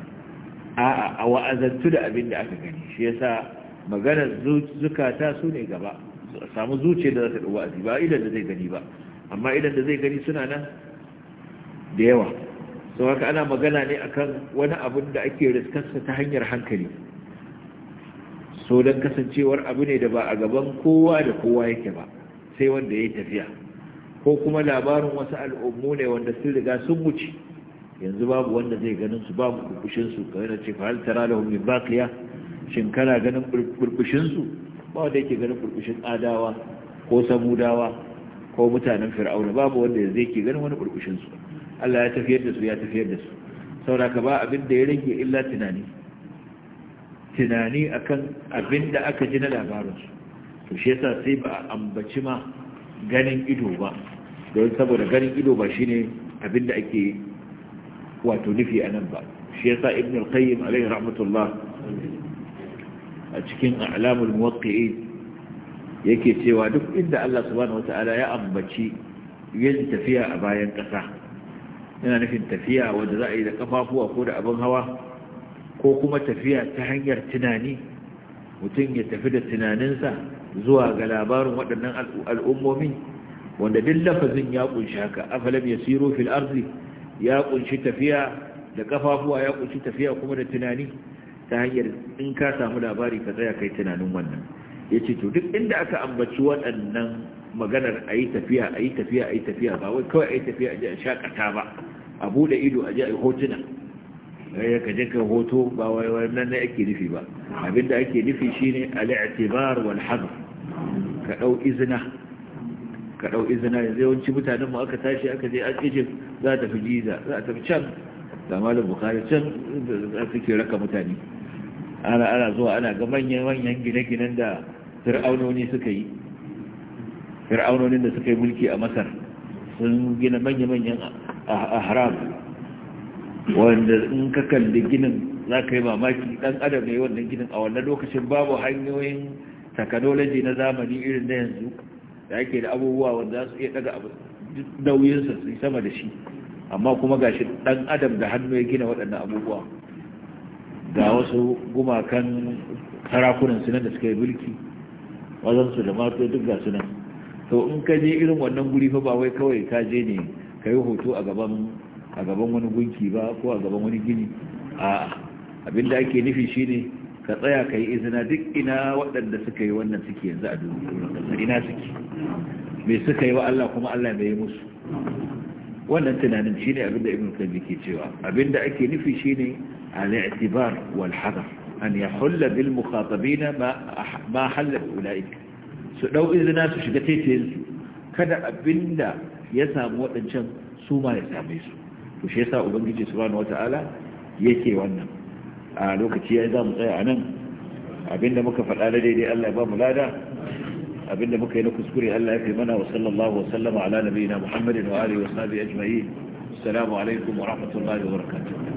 a'a a wa'azantu da abin da aka gani shi yasa maganar zukata su ne gaba samu zuciyar da za ta ɗau ba idan da zai gani ba amma idan da zai gani suna nan da yawa sau haka ana magana ne akan wani abin da ake riskarsa ta hanyar hankali so don kasancewar abu ne da ba a gaban kowa da kowa yake ba sai wanda ya yi tafiya ko kuma labarin wasu al'ummu ne wanda sun riga sun wuce yanzu babu wanda zai ganin su babu kukushin su yana ce fa tara min bakiya shin kana ganin burbushinsu ba wanda yake ganin burbushin adawa ko samudawa ko mutanen fir'auna babu wanda zai ke ganin wani burbushinsu Allah ya tafiyar da su ya tafiyar da su sauraka ba abin da ya rage illa tunani tunani akan abin da aka ji na labarinsu to shi yasa sai ba a ambaci ma ganin ido ba don saboda ganin ido ba shine abin da ake wato nufi anan ba shi yasa ibn al-qayyim alaihi rahmatullah a cikin alamul muwaqqi'in yake cewa duk inda Allah subhanahu wata'ala ya ambaci yin tafiya a bayan ƙasa yana nufin tafiya wanda za a yi da kafafuwa ko da abin hawa ko kuma tafiya ta hanyar tunani mutum ya tafi da tunaninsa zuwa ga labarin waɗannan al'ummomi wanda duk lafazin ya ƙunshi haka afalam ya fil ardi ya kunshi tafiya da ƙafafuwa ya ƙunshi tafiya kuma da tunani ta hanyar in ka samu labari ka tsaya kai tunanin wannan ya ce to duk inda aka ambaci waɗannan maganar a yi tafiya a yi tafiya a yi tafiya ba wai kawai a yi tafiya a ji a shakata ba a buɗe ido a ji a yi hotuna ya eh, ka je hoto ba wai wannan ne ake nufi ba abinda ake nufi shine al-i'tibar wal hadr ka dau izina ka dau izina yanzu yawanci mutanen mu aka tashi aka je a Egypt za ta fi jiza za ta fi can da malam bukhari can da suke raka mutane ana ana zuwa ana ga manyan gine-ginen da fir'aunoni suka yi fir'aunonin da suka yi mulki a masar sun gina manya-manyan haram wanda in ka kalli ginin za ka yi mamaki dan adam ne wannan ginin a wannan lokacin babu hanyoyin takanoloji na zamani irin na yanzu da ake da abubuwa wanda za su iya daga nauyinsa sama da shi amma kuma gashi dan adam da hannu ya gina waɗannan abubuwa ga wasu gumakan sarakunan sunan da suka yi mulki wazansu da mato duk ga sunan to in ka je irin wannan guri fa ba wai kawai ka je ne ka yi hoto a gaban wani gunki ba ko a gaban wani gini a abinda ake nufi ne, ka tsaya ka yi izina duk ina waɗanda suka yi wannan suke yanzu a duniya ina suke mai suka yi wa Allah kuma Allah mai yi musu wannan tunanin shi abin abinda ibn kalbi ke cewa abinda ake nufi ne. الاعتبار والحذر أن يحل بالمخاطبين ما ما حل بأولئك لو إذن su shiga teteyensu kada abinda ya samu wadancan su ma ya same su to shi yasa ubangiji subhanahu wata'ala yake wannan a lokaci ya za mu tsaya a nan abinda muka faɗa da daidai Allah ya ba mu lada abinda muka yi na kuskure Allah ya fi mana wa sallallahu wa sallama ala nabiyina Muhammadin wa alihi wa sahbihi ajma'in assalamu alaikum wa rahmatullahi wa barakatuh